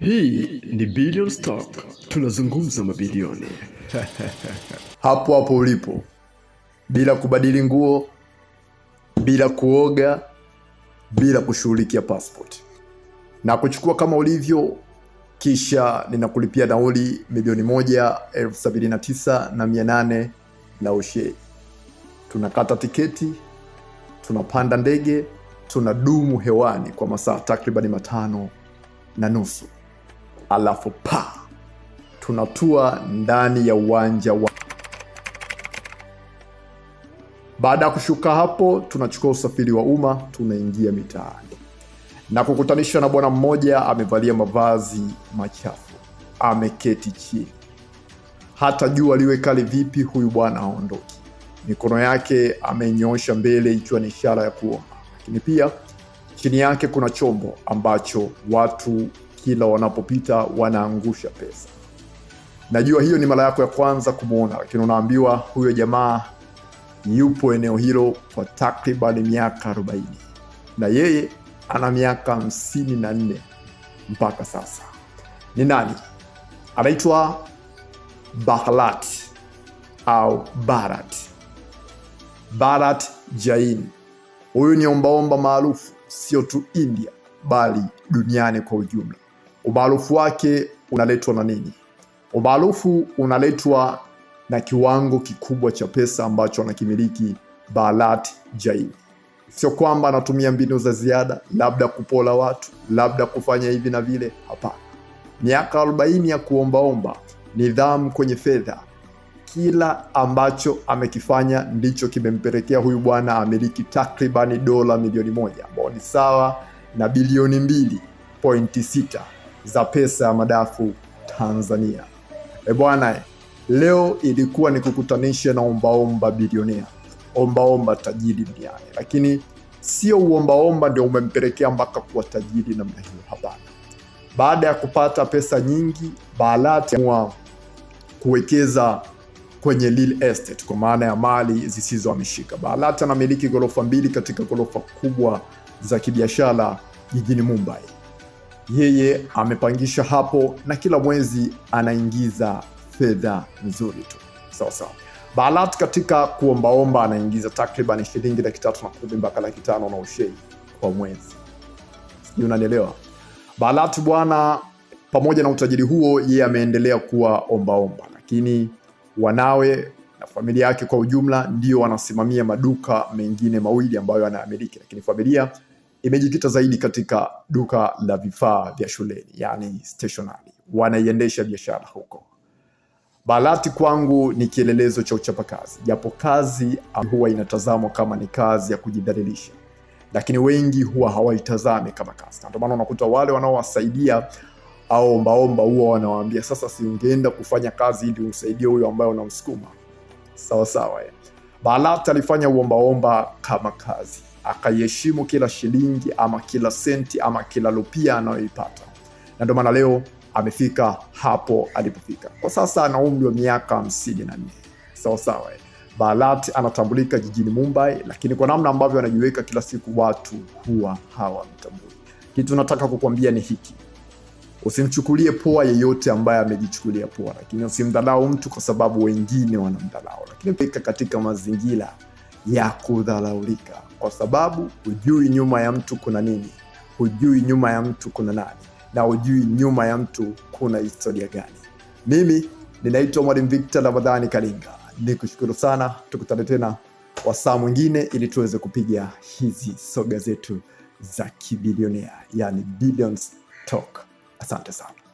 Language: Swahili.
Hii ni Billions Talk, tunazungumza mabilioni hapo hapo ulipo, bila kubadili nguo, bila kuoga, bila kushughulikia passport, na kuchukua kama ulivyo, kisha ninakulipia nauli milioni moja elfu sabini na tisa na mia nane na ushe. Tunakata tiketi, tunapanda ndege, tunadumu hewani kwa masaa takribani matano na nusu alafu pa tunatua ndani ya uwanja wa. Baada ya kushuka hapo, tunachukua usafiri wa umma, tunaingia mitaani na kukutanishwa na bwana mmoja amevalia mavazi machafu, ameketi chini. Hata jua aliwekali vipi, huyu bwana aondoki Mikono yake amenyoosha mbele, ikiwa ni ishara ya kuomba, lakini pia chini yake kuna chombo ambacho watu kila wanapopita wanaangusha pesa. Najua hiyo ni mara yako ya kwanza kumwona, lakini unaambiwa huyo jamaa yupo eneo hilo kwa takribani miaka 40 na yeye ana miaka 54 mpaka sasa. Ni nani? Anaitwa Bahlat au Bharat, Bharat Jain. Huyu ni ombaomba maarufu sio tu India bali duniani kwa ujumla. Umaarufu wake unaletwa na nini? Umaarufu unaletwa na kiwango kikubwa cha pesa ambacho anakimiliki Bharat Jain. Sio kwamba anatumia mbinu za ziada, labda kupola watu, labda kufanya hivi na vile. Hapana, miaka arobaini ya kuombaomba, nidhamu kwenye fedha, kila ambacho amekifanya ndicho kimempelekea huyu bwana amiliki takribani dola milioni moja ambao ni sawa na bilioni mbili pointi sita za pesa ya madafu Tanzania. E bwana, leo ilikuwa ni kukutanisha na ombaomba bilionea, ombaomba tajiri duniani, lakini sio uombaomba ndio umempelekea mpaka kuwa tajiri namna hiyo. Hapana, baada ya kupata pesa nyingi, Balati amua kuwekeza kwenye real estate kwa maana ya mali zisizohamishika. Balati anamiliki ghorofa mbili katika ghorofa kubwa za kibiashara jijini Mumbai yeye amepangishwa hapo na kila mwezi anaingiza fedha nzuri tu sawa sawa. balat katika kuombaomba anaingiza takriban shilingi laki tatu na kumi mpaka laki tano na ushei kwa mwezi, sijui unanielewa. balat bwana, pamoja na utajiri huo, yeye ameendelea kuwa ombaomba, lakini wanawe na familia yake kwa ujumla ndio wanasimamia maduka mengine mawili ambayo anayamiliki, lakini familia imejikita zaidi katika duka la vifaa vya shuleni, yani stationery. Wanaiendesha biashara huko. Balati kwangu ni kielelezo cha uchapakazi, japo kazi huwa inatazamwa kama ni kazi ya kujidhalilisha, lakini wengi huwa hawaitazami kama kazi, na ndio maana unakuta wale wanaowasaidia au ombaomba huwa wanawaambia, sasa si ungeenda kufanya kazi ili usaidie huyo ambaye unamsukuma sawasawa. Eh. Balati alifanya uombaomba kama kazi akaiheshimu kila shilingi ama kila senti ama kila lupia anayoipata, na ndio maana leo amefika hapo alipofika. Kwa sasa ana umri wa miaka hamsini na nne sawasawa sawa. anatambulika jijini Mumbai, lakini kwa namna ambavyo anajiweka kila siku watu huwa hawamtambui. Kitu nataka kukuambia ni hiki, usimchukulie poa yeyote ambaye amejichukulia poa, lakini usimdhalau mtu kwa sababu wengine wanamdhalau, lakini peka katika mazingira ya kudhalaulika kwa sababu hujui nyuma ya mtu kuna nini, hujui nyuma ya mtu kuna nani, na hujui nyuma ya mtu kuna historia gani. Mimi ninaitwa Mwalimu victo Ramadhani Kalinga, kushukuru sana, tukutane tena kwa saa mwingine, ili tuweze kupiga hizi soga zetu za kibilionea, yani billions talk. Asante sana.